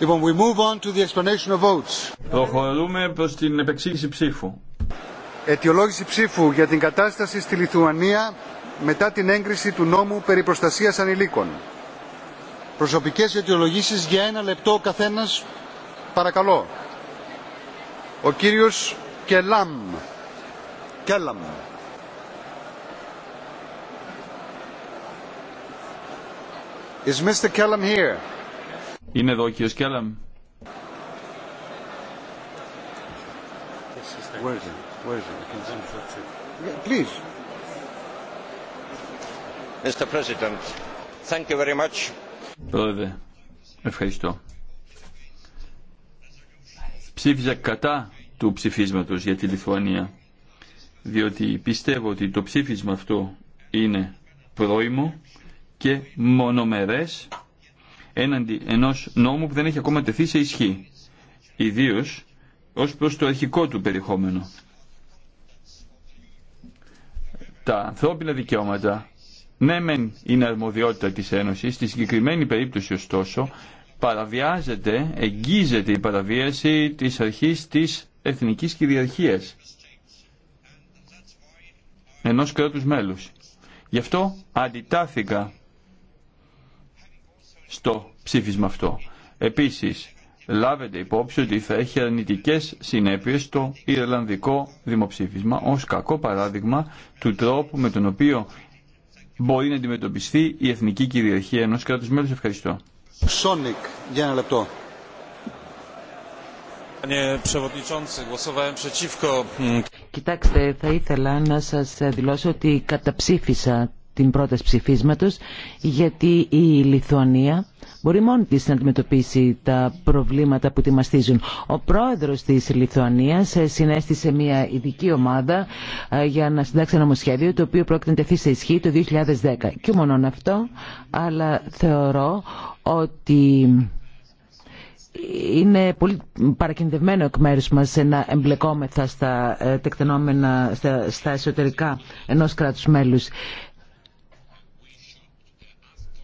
Λοιπόν, we move on to the explanation of votes. Προχωρούμε προς την επεξήγηση ψήφου. Αιτιολόγηση ψήφου για την κατάσταση στη Λιθουανία μετά την έγκριση του νόμου περί προστασία ανηλίκων. Προσωπικές αιτιολογήσει για ένα λεπτό ο καθένας. Παρακαλώ. Ο κύριος Κελάμ. Κέλαμ. Is Mr. Kellam here? Είναι εδώ ο κύριος Κέλλαμ. Πρόεδρε, ευχαριστώ. Ψήφιζα κατά του ψηφίσματος για τη Λιθουανία, διότι πιστεύω ότι το ψήφισμα αυτό είναι πρόημο και μονομερές έναντι ενός νόμου που δεν έχει ακόμα τεθεί σε ισχύ, ιδίως ως προς το αρχικό του περιεχόμενο. Τα ανθρώπινα δικαιώματα, ναι μεν είναι αρμοδιότητα της Ένωσης, στη συγκεκριμένη περίπτωση ωστόσο παραβιάζεται, εγγίζεται η παραβίαση της αρχής της εθνικής κυριαρχίας ενός κράτους μέλους. Γι' αυτό αντιτάθηκα στο ψήφισμα αυτό. Επίσης, λάβετε υπόψη ότι θα έχει αρνητικές συνέπειες στο Ιρλανδικό δημοψήφισμα ως κακό παράδειγμα του τρόπου με τον οποίο μπορεί να αντιμετωπιστεί η εθνική κυριαρχία ενός κράτους μέλους. Ευχαριστώ. Σόνικ, για ένα λεπτό. Κοιτάξτε, θα ήθελα να σας δηλώσω ότι καταψήφισα την πρόταση ψηφίσματος γιατί η Λιθουανία μπορεί μόνη της να αντιμετωπίσει τα προβλήματα που τη μαστίζουν. Ο πρόεδρος της Λιθουανίας ε, συνέστησε μια ειδική ομάδα ε, για να συντάξει ένα νομοσχέδιο το οποίο πρόκειται να τεθεί σε ισχύ το 2010. Και μόνο αυτό, αλλά θεωρώ ότι είναι πολύ παρακινδευμένο εκ μέρους μας να εμπλεκόμεθα στα ε, στα εσωτερικά ενός κράτους μέλους.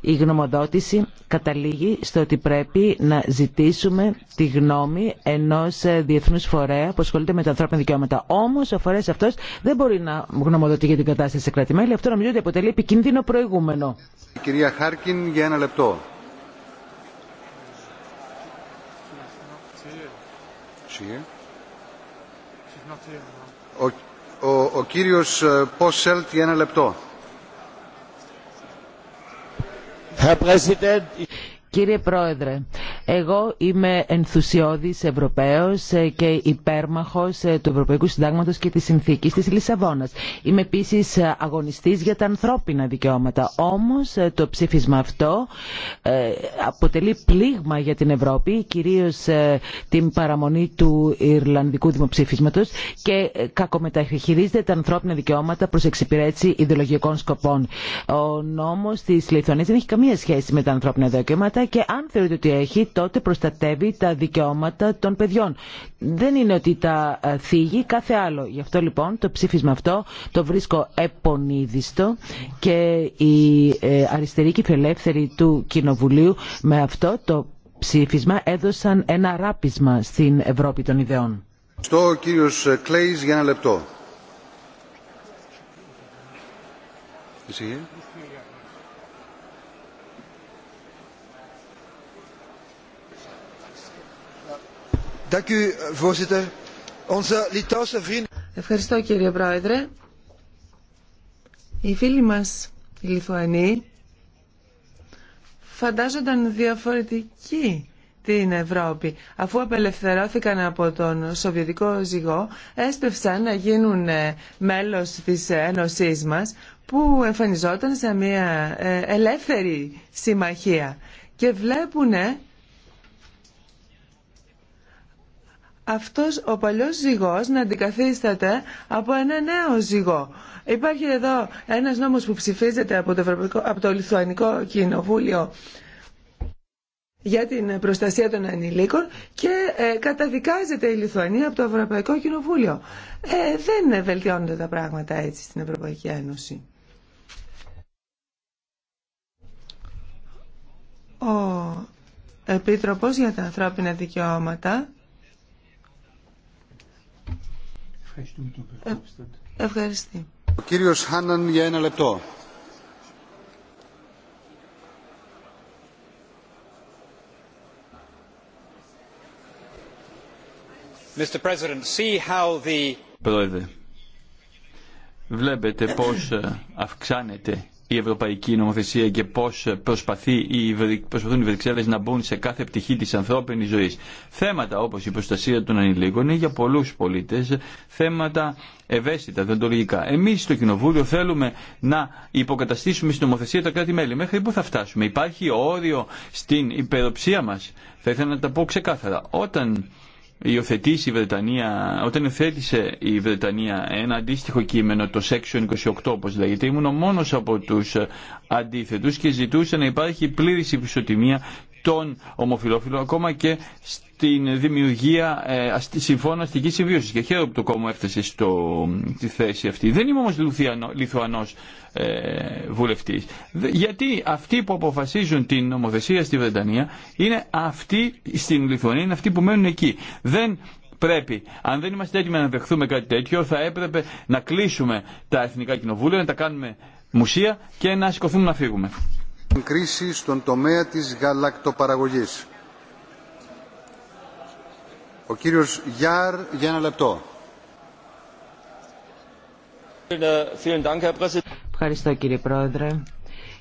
Η γνωμοδότηση καταλήγει στο ότι πρέπει να ζητήσουμε τη γνώμη ενός διεθνούς φορέα που ασχολείται με τα ανθρώπινα δικαιώματα. Όμως ο φορέας αυτός δεν μπορεί να γνωμοδοτεί για την κατάσταση σε κράτη-μέλη. Αυτό νομίζω ότι αποτελεί επικίνδυνο προηγούμενο. κυρία Χάρκιν για ένα λεπτό. Ο, ο, κύριος ε, για ένα λεπτό. Herr Präsident. Κύριε Πρόεδρε, εγώ είμαι ενθουσιώδης Ευρωπαίος ε, και υπέρμαχος ε, του Ευρωπαϊκού Συντάγματος και της Συνθήκης της Λισαβόνας. Είμαι επίσης ε, αγωνιστής για τα ανθρώπινα δικαιώματα. Όμως το ψήφισμα αυτό αποτελεί πλήγμα για την Ευρώπη, κυρίως την παραμονή του Ιρλανδικού Δημοψήφισματος και κακομεταχειρίζεται τα ανθρώπινα δικαιώματα προς εξυπηρέτηση ιδεολογικών σκοπών. Ο νόμος της Λιθωνίας δεν έχει καμία σχέση με τα ανθρώπινα δικαιώματα και αν θεωρείτε ότι έχει, τότε προστατεύει τα δικαιώματα των παιδιών. Δεν είναι ότι τα ε, θίγει κάθε άλλο. Γι' αυτό λοιπόν το ψήφισμα αυτό το βρίσκω επονίδιστο και η ε, αριστερή και του Κοινοβουλίου με αυτό το ψήφισμα έδωσαν ένα ράπισμα στην Ευρώπη των ιδεών. Στο κύριος Κλέης για ένα λεπτό. Ευχαριστώ κύριε Πρόεδρε. Οι φίλοι μας οι Λιθουανοί φαντάζονταν διαφορετική την Ευρώπη. Αφού απελευθερώθηκαν από τον Σοβιετικό ζυγό, έσπευσαν να γίνουν ε, μέλος της Ένωσής μας, που εμφανιζόταν σε μια ε, ελεύθερη συμμαχία. Και βλέπουν. αυτός ο παλιός ζυγός να αντικαθίσταται από ένα νέο ζυγό. Υπάρχει εδώ ένας νόμος που ψηφίζεται από το, Ευρωπαϊκό, από το Λιθουανικό Κοινοβούλιο για την προστασία των ανηλίκων και ε, καταδικάζεται η Λιθουανία από το Ευρωπαϊκό Κοινοβούλιο. Ε, δεν βελτιώνονται τα πράγματα έτσι στην Ευρωπαϊκή Ένωση. Ο Επίτροπος για τα ανθρώπινα δικαιώματα Ευχαριστούμε τον Φερχόφστατ. Ευχαριστώ. Ο κύριος Χάναν για ένα λεπτό. Mr. President, see how the... Πρόεδρε, βλέπετε πώς ε, αυξάνεται η ευρωπαϊκή νομοθεσία και πώς προσπαθεί, προσπαθούν οι Βρυξέλλες να μπουν σε κάθε πτυχή της ανθρώπινης ζωής. Θέματα όπως η προστασία των ανηλίκων είναι για πολλούς πολίτες θέματα ευαίσθητα, δεντολογικά. Εμείς στο Κοινοβούλιο θέλουμε να υποκαταστήσουμε στην νομοθεσία τα κράτη-μέλη. Μέχρι πού θα φτάσουμε. Υπάρχει όριο στην υπεροψία μας. Θα ήθελα να τα πω ξεκάθαρα. Όταν υιοθετήσει η Βρετανία, όταν υιοθέτησε η Βρετανία ένα αντίστοιχο κείμενο, το Section 28 όπως λέγεται, ήμουν ο μόνος από τους αντίθετους και ζητούσε να υπάρχει πλήρης ισοτιμία τον ομοφυλόφιλων ακόμα και στην δημιουργία ε, συμφώνων αστικής συμβίωσης. Και χαίρομαι που το κόμμα έφτασε στο, στη θέση αυτή. Δεν είμαι όμως Λιθουανός ε, βουλευτής. Γιατί αυτοί που αποφασίζουν την νομοθεσία στη Βρετανία είναι αυτοί στην Λιθουανία, είναι αυτοί που μένουν εκεί. Δεν πρέπει. Αν δεν είμαστε έτοιμοι να δεχθούμε κάτι τέτοιο, θα έπρεπε να κλείσουμε τα εθνικά κοινοβούλια, να τα κάνουμε μουσεία και να σηκωθούμε να φύγουμε κρίση στον τομέα της γαλακτοπαραγωγής. Ο κύριος Γιάρ για ένα λεπτό. Ευχαριστώ κύριε Πρόεδρε.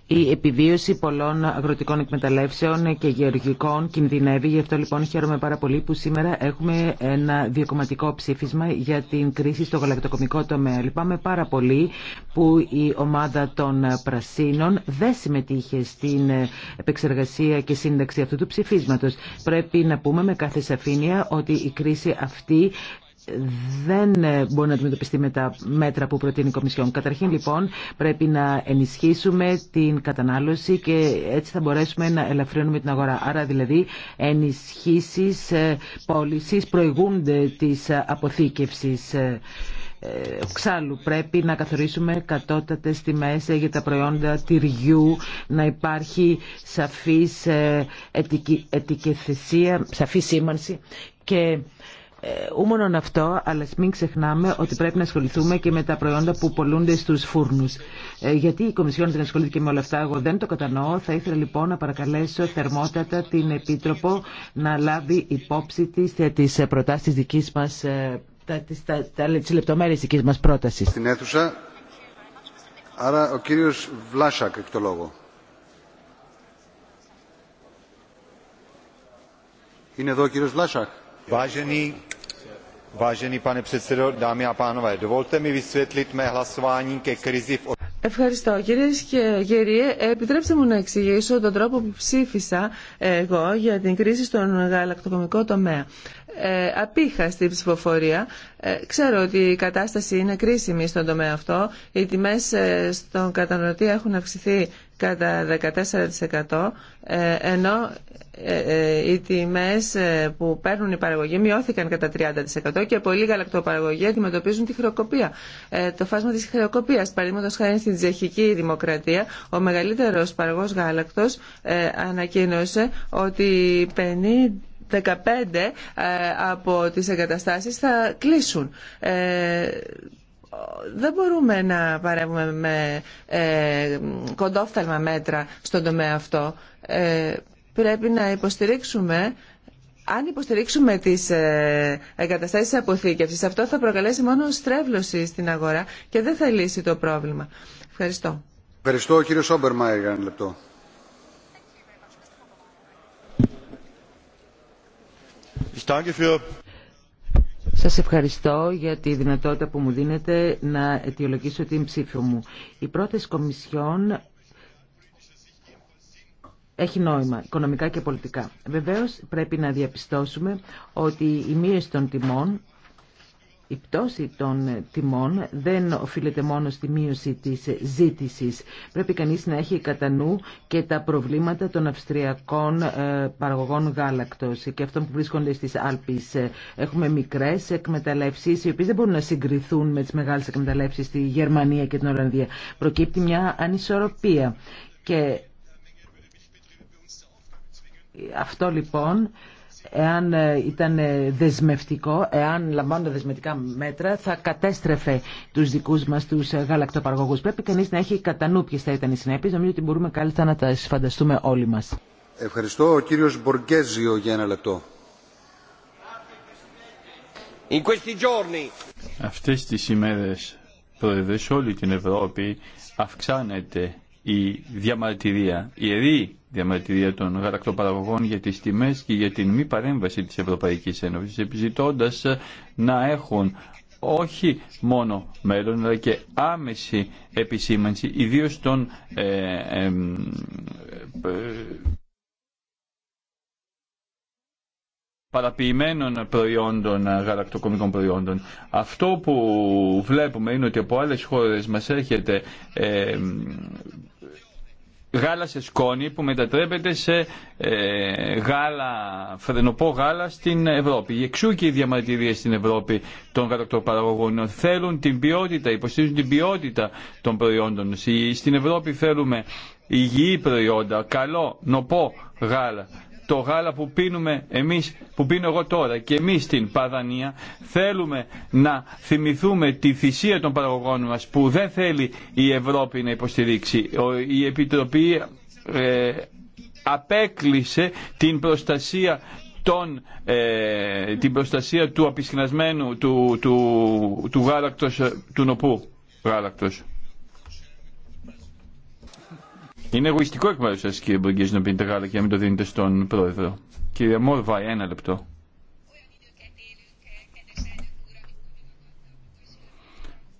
Η επιβίωση πολλών αγροτικών εκμεταλλεύσεων και γεωργικών κινδυνεύει. Γι' αυτό λοιπόν χαίρομαι πάρα πολύ που σήμερα έχουμε ένα διακομματικό ψήφισμα για την κρίση στο γαλακτοκομικό τομέα. Λυπάμαι πάρα πολύ που η ομάδα των Πρασίνων δεν συμμετείχε στην επεξεργασία και σύνταξη αυτού του ψηφίσματος. Πρέπει να πούμε με κάθε σαφήνεια ότι η κρίση αυτή δεν ε, μπορεί να αντιμετωπιστεί με τα μέτρα που προτείνει η Κομισιόν. Καταρχήν λοιπόν πρέπει να ενισχύσουμε την κατανάλωση και έτσι θα μπορέσουμε να ελαφρύνουμε την αγορά. Άρα δηλαδή ενισχύσεις ε, πώληση προηγούνται της ε, αποθήκευσης. Ξάλλου πρέπει να καθορίσουμε κατώτατες τιμές για τα προϊόντα τυριού, να υπάρχει σαφής ετικεθεσία, σαφή σήμανση ε, Ούμονον αυτό, αλλά μην ξεχνάμε ότι πρέπει να ασχοληθούμε και με τα προϊόντα που πολλούνται στους φούρνους. Ε, γιατί η Κομισιόν δεν ασχολήθηκε με όλα αυτά, εγώ δεν το κατανοώ. Θα ήθελα λοιπόν να παρακαλέσω θερμότατα την Επίτροπο να λάβει υπόψη της ε, τις προτάσεις δικής μας, τα, λεπτομέρειες δικής μας πρότασης. Στην αίθουσα, άρα ο κύριος έχει το λόγο. Είναι εδώ ο κύριος Βλάσακ. Ευχαριστώ. Κυρίε και κύριοι, επιτρέψτε μου να εξηγήσω τον τρόπο που ψήφισα εγώ για την κρίση στον γαλακτοκομικό τομέα. Ε, απήχα στην ψηφοφορία. Ε, ξέρω ότι η κατάσταση είναι κρίσιμη στον τομέα αυτό. Οι τιμές ε, στον καταναλωτή έχουν αυξηθεί κατά 14% ε, ενώ ε, ε, οι τιμές που παίρνουν οι παραγωγοί μειώθηκαν κατά 30% και πολλοί γαλακτοπαραγωγοί αντιμετωπίζουν τη χρεοκοπία. Το φάσμα της χρεοκοπίας, παραδείγματο χάρη στην Τσεχική Δημοκρατία, ο μεγαλύτερος παραγωγός γάλακτος ανακοίνωσε ότι 50 15 από τις εγκαταστάσεις θα κλείσουν δεν μπορούμε να παρέύουμε με ε, κοντόφθαλμα μέτρα στον τομέα αυτό. Ε, πρέπει να υποστηρίξουμε αν υποστηρίξουμε τι ε, εγκαταστάσει αποθήκευση, αυτό θα προκαλέσει μόνο στρέβλωση στην αγορά και δεν θα λύσει το πρόβλημα. Ευχαριστώ. Ευχαριστώ, κύριο Σόμπερμα, για ένα λεπτό. Σας ευχαριστώ για τη δυνατότητα που μου δίνετε να αιτιολογήσω την ψήφο μου. Η πρώτη Κομισιόν έχει νόημα, οικονομικά και πολιτικά. Βεβαίως πρέπει να διαπιστώσουμε ότι η μείωση των τιμών η πτώση των τιμών δεν οφείλεται μόνο στη μείωση της ζήτησης. Πρέπει κανείς να έχει κατά νου και τα προβλήματα των αυστριακών ε, παραγωγών γάλακτος και αυτών που βρίσκονται στις Άλπεις. Έχουμε μικρές εκμεταλλεύσεις οι οποίες δεν μπορούν να συγκριθούν με τις μεγάλες εκμεταλλεύσεις στη Γερμανία και την Ολλανδία. Προκύπτει μια ανισορροπία και αυτό λοιπόν εάν ε, ήταν ε, δεσμευτικό, εάν λαμβάνονται δεσμευτικά μέτρα, θα κατέστρεφε τους δικούς μας τους ε, γαλακτοπαραγωγούς. Πρέπει κανείς να έχει κατά νου ποιες θα ήταν οι συνέπειες. Νομίζω ότι μπορούμε κάλλιστα να τα φανταστούμε όλοι μας. Ευχαριστώ. Ο κύριος Μποργκέζιο για ένα λεπτό. Αυτές τις ημέρες, πρόεδρε, σε όλη την Ευρώπη αυξάνεται η διαμαρτυρία. Οι διαμαρτυρία των γαλακτοπαραγωγών για τις τιμές και για την μη παρέμβαση της Ευρωπαϊκής Ένωσης, επιζητώντας να έχουν όχι μόνο μέλλον, αλλά και άμεση επισήμανση, ιδίως των ε, ε παραποιημένων προϊόντων, γαλακτοκομικών προϊόντων. Αυτό που βλέπουμε είναι ότι από άλλες χώρες μας έρχεται ε, γάλα σε σκόνη που μετατρέπεται σε ε, γάλα, φρενοπό γάλα στην Ευρώπη. Εξού και οι διαμαρτυρίε στην Ευρώπη των γαλακτοπαραγωγών. Θέλουν την ποιότητα, υποστηρίζουν την ποιότητα των προϊόντων. Στην Ευρώπη θέλουμε υγιή προϊόντα, καλό, νοπό γάλα το γάλα που πίνουμε εμείς, που πίνω εγώ τώρα και εμείς στην Παδανία θέλουμε να θυμηθούμε τη θυσία των παραγωγών μας που δεν θέλει η Ευρώπη να υποστηρίξει. Η Επιτροπή ε, απέκλεισε την προστασία τον, ε, την προστασία του απεισχυνασμένου, του, του, του γάλακτος, ε, του νοπού γάλακτος. Είναι εγωιστικό εκ μέρου σα, κύριε Μπογκέζη, να πίνετε γάλα και να μην το δίνετε στον πρόεδρο. Κύριε Μόρβα, ένα λεπτό.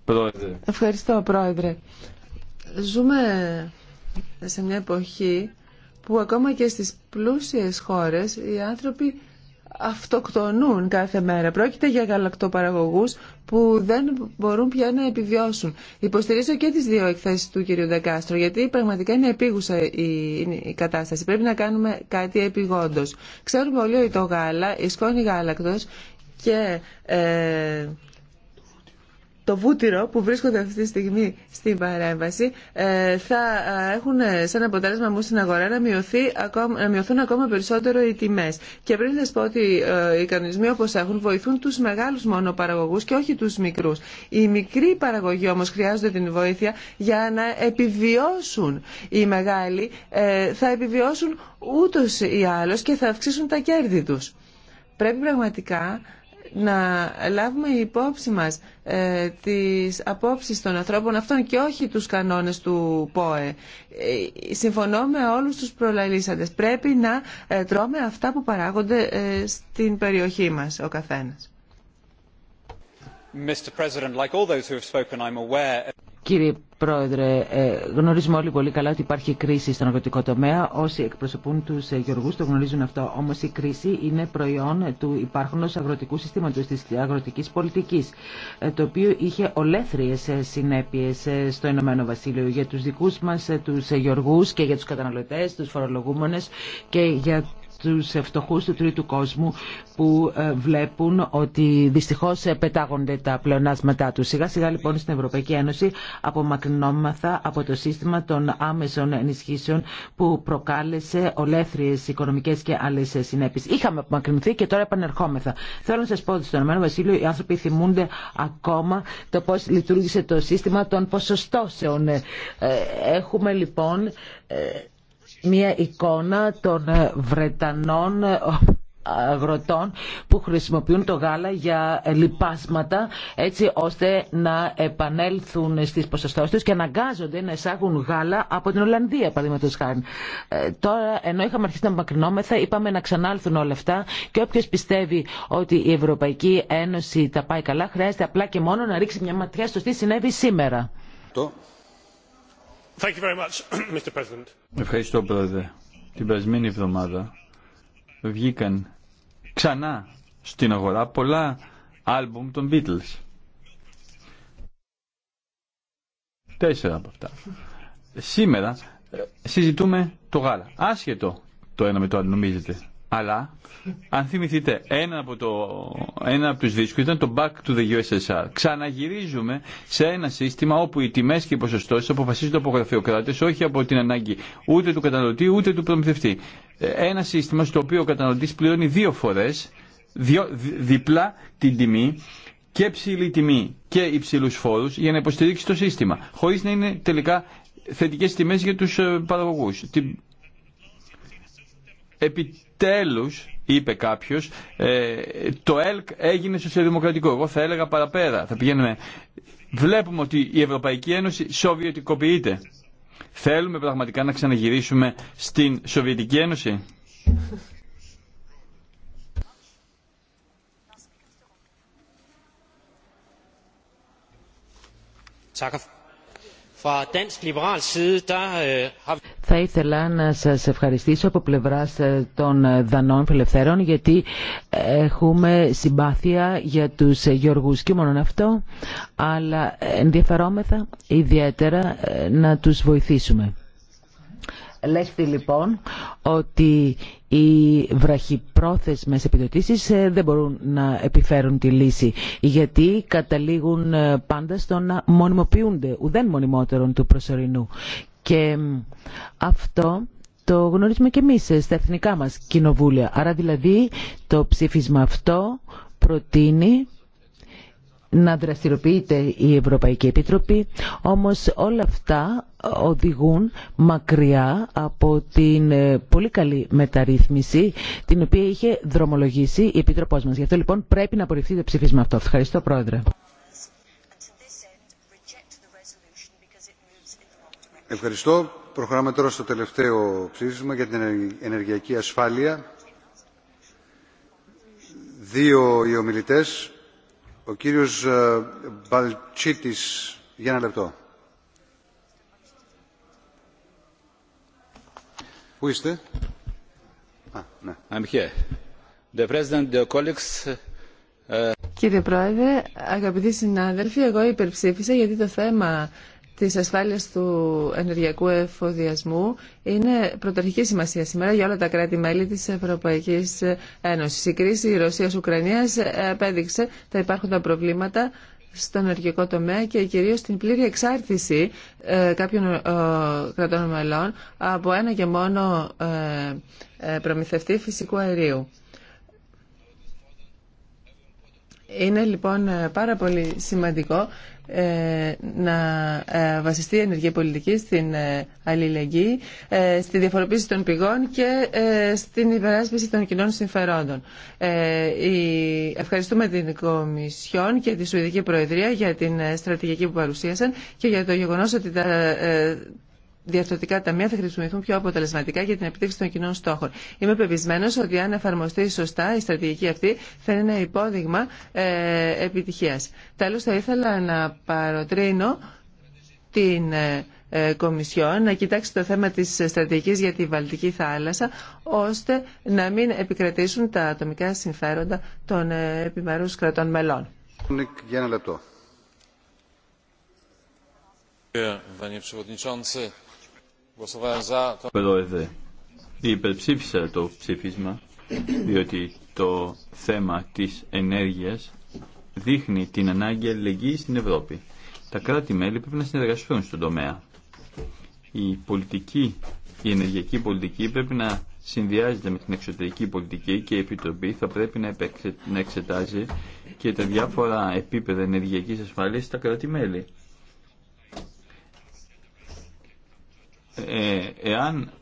Πρόεδρε. Ευχαριστώ, πρόεδρε. Ζούμε σε μια εποχή που ακόμα και στις πλούσιες χώρες οι άνθρωποι αυτοκτονούν κάθε μέρα. Πρόκειται για γαλακτοπαραγωγούς που δεν μπορούν πια να επιβιώσουν. Υποστηρίζω και τις δύο εκθέσεις του κ. Δεκάστρο, γιατί πραγματικά είναι επίγουσα η, κατάσταση. Πρέπει να κάνουμε κάτι επιγόντως. Ξέρουμε όλοι ότι το γάλα, η σκόνη γάλακτος και... Ε, το βούτυρο που βρίσκονται αυτή τη στιγμή στην παρέμβαση ε, θα ε, έχουν ε, σαν αποτέλεσμα μου στην αγορά να, να μειωθούν ακόμα περισσότερο οι τιμές. Και πριν σας πω ότι οι κανονισμοί όπως έχουν βοηθούν τους μεγάλους μόνο παραγωγού και όχι τους μικρούς. Οι μικροί παραγωγοί όμως χρειάζονται την βοήθεια για να επιβιώσουν οι μεγάλοι. θα επιβιώσουν ούτως ή άλλως και θα αυξήσουν τα κέρδη τους. Πρέπει πραγματικά να λάβουμε υπόψη μας ε, τις απόψεις των ανθρώπων αυτών και όχι τους κανόνες του ΠΟΕ. Ε, συμφωνώ με όλους τους προλαλήσαντες. Πρέπει να ε, τρώμε αυτά που παράγονται ε, στην περιοχή μας ο καθένας. Mr. Κύριε Πρόεδρε, ε, γνωρίζουμε όλοι πολύ καλά ότι υπάρχει κρίση στον αγροτικό τομέα. Όσοι εκπροσωπούν του ε, γεωργού το γνωρίζουν αυτό. Όμω η κρίση είναι προϊόν ε, του υπάρχοντο αγροτικού συστήματο, τη αγροτική πολιτική, το οποίο είχε ολέθριε συνέπειε στο Ηνωμένο Βασίλειο για του δικού μα, του γεωργού και για του καταναλωτέ, του φορολογούμενε και για τους φτωχούς του τρίτου κόσμου που ε, βλέπουν ότι δυστυχώς ε, πετάγονται τα πλεονάσματά τους. Σιγά σιγά λοιπόν στην Ευρωπαϊκή Ένωση απομακρυνόμαθα από το σύστημα των άμεσων ενισχύσεων που προκάλεσε ολέθριες οικονομικές και άλλες συνέπειες. Είχαμε απομακρυνθεί και τώρα επανερχόμεθα. Θέλω να σας πω ότι στον Ηνωμένο Βασίλειο οι άνθρωποι θυμούνται ακόμα το πώς λειτουργήσε το σύστημα των ποσοστώσεων. Ε, έχουμε λοιπόν μια εικόνα των Βρετανών αγροτών που χρησιμοποιούν το γάλα για λιπάσματα έτσι ώστε να επανέλθουν στις ποσοστώσεις τους και αναγκάζονται να εισάγουν γάλα από την Ολλανδία παραδείγματος χάρη. Ε, τώρα ενώ είχαμε αρχίσει να μακρινόμεθα είπαμε να ξανάλθουν όλα αυτά και όποιο πιστεύει ότι η Ευρωπαϊκή Ένωση τα πάει καλά χρειάζεται απλά και μόνο να ρίξει μια ματιά στο τι συνέβη σήμερα. Ευχαριστώ πρόεδρε. Την περασμένη εβδομάδα βγήκαν ξανά στην αγορά πολλά άλμπουμ των Beatles. Τέσσερα από αυτά. Σήμερα ε, συζητούμε το γάλα. Άσχετο το ένα με το άλλο νομίζετε. Αλλά, αν θυμηθείτε, ένα από, το, ένα από τους δίσκους ήταν το Back to the USSR. Ξαναγυρίζουμε σε ένα σύστημα όπου οι τιμές και οι ποσοστώσεις αποφασίζονται από γραφειοκράτες, όχι από την ανάγκη ούτε του καταναλωτή ούτε του προμηθευτή. Ε, ένα σύστημα στο οποίο ο καταναλωτής πληρώνει δύο φορές, διπλά την τιμή, και ψηλή τιμή και υψηλού φόρου για να υποστηρίξει το σύστημα, χωρί να είναι τελικά θετικέ τιμέ για του ε, παραγωγού επιτέλους, είπε κάποιος, ε, το ΕΛΚ έγινε σοσιαλδημοκρατικό. Εγώ θα έλεγα παραπέρα, θα πηγαίνουμε... Βλέπουμε ότι η Ευρωπαϊκή Ένωση σοβιετικοποιείται. Θέλουμε πραγματικά να ξαναγυρίσουμε στην Σοβιετική Ένωση. Fra dansk liberal side, der øh, θα ήθελα να σας ευχαριστήσω από πλευράς ε, των ε, Δανών Φιλευθέρων γιατί έχουμε συμπάθεια για τους ε, Γιώργους και μόνον αυτό αλλά ενδιαφερόμεθα ιδιαίτερα να τους βοηθήσουμε. Λέχθη λοιπόν ότι οι βραχυπρόθεσμες επιδοτήσεις δεν μπορούν να επιφέρουν τη λύση γιατί καταλήγουν πάντα στο να μονιμοποιούνται ουδέν μονιμότερον του προσωρινού και αυτό το γνωρίζουμε και εμείς στα εθνικά μας κοινοβούλια. Άρα δηλαδή το ψήφισμα αυτό προτείνει να δραστηριοποιείται η Ευρωπαϊκή Επιτροπή, όμως όλα αυτά οδηγούν μακριά από την ε, πολύ καλή μεταρρύθμιση την οποία είχε δρομολογήσει η Επιτροπός μας. Γι' αυτό λοιπόν πρέπει να απορριφθεί το ψήφισμα αυτό. Ευχαριστώ Πρόεδρε. Ευχαριστώ. Προχωράμε τώρα στο τελευταίο ψήφισμα για την ενεργειακή ασφάλεια. Δύο οι ομιλητές. Ο κύριος ε, Μπαλτσίτης, για ένα λεπτό. Πού είστε? Α, ναι. The president, the colleagues, ε, Κύριε Πρόεδρε, αγαπητοί συνάδελφοι, εγώ υπερψήφισα γιατί το θέμα της ασφάλειας του ενεργειακού εφοδιασμού είναι πρωτορχική σημασία σήμερα για όλα τα κράτη-μέλη της Ευρωπαϊκής Ένωσης. Η κρίση Ρωσίας-Ουκρανίας επέδειξε τα υπάρχοντα προβλήματα στον ενεργειακό τομέα και κυρίως την πλήρη εξάρτηση ε, κάποιων ε, κρατών μελών από ένα και μόνο ε, προμηθευτή φυσικού αερίου. Είναι λοιπόν πάρα πολύ σημαντικό ε, να ε, βασιστεί η ενεργειακή πολιτική στην ε, αλληλεγγύη, στη διαφοροποίηση των πηγών και στην υπεράσπιση των κοινών συμφερόντων. Ευχαριστούμε την Κομισιόν και τη Σουηδική Προεδρία για την στρατηγική που παρουσίασαν και για το γεγονός ότι τα διαρθρωτικά ταμεία θα χρησιμοποιηθούν πιο αποτελεσματικά για την επιτύχηση των κοινών στόχων. Είμαι πεπισμένο ότι αν εφαρμοστεί σωστά η στρατηγική αυτή θα είναι ένα υπόδειγμα ε, επιτυχία. Τέλο, θα ήθελα να παροτρύνω την ε, ε, Κομισιόν να κοιτάξει το θέμα της στρατηγικής για τη Βαλτική θάλασσα ώστε να μην επικρατήσουν τα ατομικά συμφέροντα των ε, επιμερούς κρατών μελών. Για ένα λεπτό. Πρόεδρε, υπερψήφισα το ψήφισμα διότι το θέμα της ενέργειας δείχνει την ανάγκη αλληλεγγύης στην Ευρώπη. Τα κράτη-μέλη πρέπει να συνεργαστούν στον τομέα. Η πολιτική, η ενεργειακή πολιτική πρέπει να συνδυάζεται με την εξωτερική πολιτική και η Επιτροπή θα πρέπει να εξετάζει και τα διάφορα επίπεδα ενεργειακής ασφάλειας στα κράτη-μέλη. Ε, εάν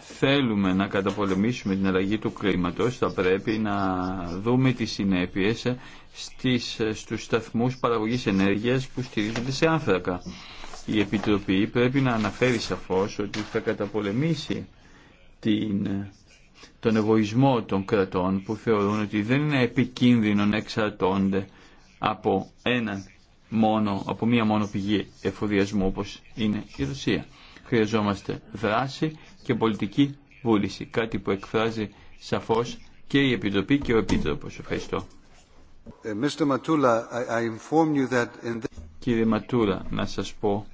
θέλουμε να καταπολεμήσουμε την αλλαγή του κλίματος θα πρέπει να δούμε τις συνέπειες στις, στους σταθμούς παραγωγής ενέργειας που στηρίζονται σε άνθρακα. Η Επιτροπή πρέπει να αναφέρει σαφώς ότι θα καταπολεμήσει την, τον εγωισμό των κρατών που θεωρούν ότι δεν είναι επικίνδυνο να εξαρτώνται από έναν μόνο, από μία μόνο πηγή εφοδιασμού όπως είναι η Ρωσία. Χρειαζόμαστε δράση και πολιτική βούληση, κάτι που εκφράζει σαφώ και η Επιτροπή και ο Επίτροπος. Ευχαριστώ. Ε, Κύριε Ματούλα, να σας πω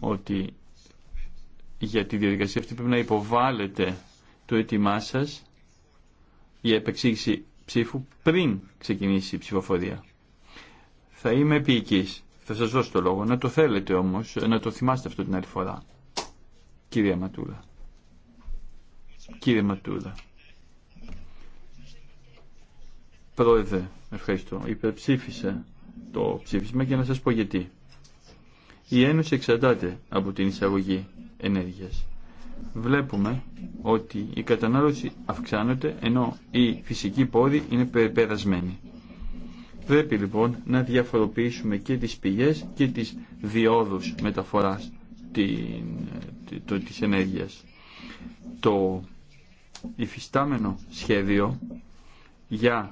ότι για τη διαδικασία αυτή πρέπει να υποβάλλετε το έτοιμά σας για επεξήγηση ψήφου πριν ξεκινήσει η ψηφοφορία. Θα είμαι επίοικης. Θα σας δώσω το λόγο. Να το θέλετε όμως, να το θυμάστε αυτό την άλλη φορά. Κύριε Ματούλα. Κύριε Ματούλα. Πρόεδρε, ευχαριστώ. Υπερψήφισα το ψήφισμα και να σας πω γιατί. Η Ένωση εξαρτάται από την εισαγωγή ενέργειας. Βλέπουμε ότι η κατανάλωση αυξάνεται ενώ η φυσική πόρη είναι περασμένη. Πρέπει λοιπόν να διαφοροποιήσουμε και τις πηγές και τις διόδους μεταφοράς της ενέργειας. Το υφιστάμενο σχέδιο για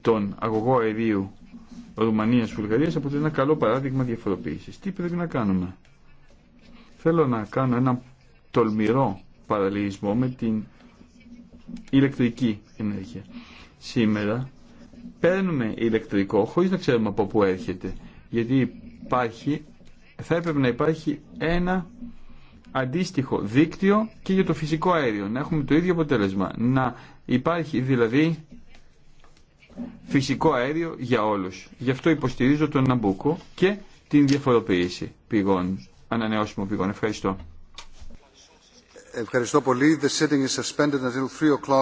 τον αγωγό αερίου Ρουμανίας-Βουλγαρίας αποτελεί ένα καλό παράδειγμα διαφοροποίησης. Τι πρέπει να κάνουμε. Θέλω να κάνω ένα τολμηρό παραλληλισμό με την ηλεκτρική ενέργεια. Σήμερα παίρνουμε ηλεκτρικό χωρίς να ξέρουμε από πού έρχεται. Γιατί υπάρχει, θα έπρεπε να υπάρχει ένα αντίστοιχο δίκτυο και για το φυσικό αέριο. Να έχουμε το ίδιο αποτέλεσμα. Να υπάρχει δηλαδή φυσικό αέριο για όλους. Γι' αυτό υποστηρίζω τον Ναμπούκο και την διαφοροποίηση πηγών, ανανεώσιμων πηγών. Ευχαριστώ. Ευχαριστώ πολύ. 3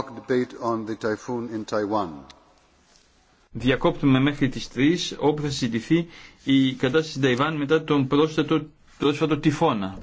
on Taiwan. Διακόπτουμε μέχρι τις 3 όπου θα συζητηθεί η κατάσταση στην Ταϊβάν μετά τον πρόσφατο τυφώνα.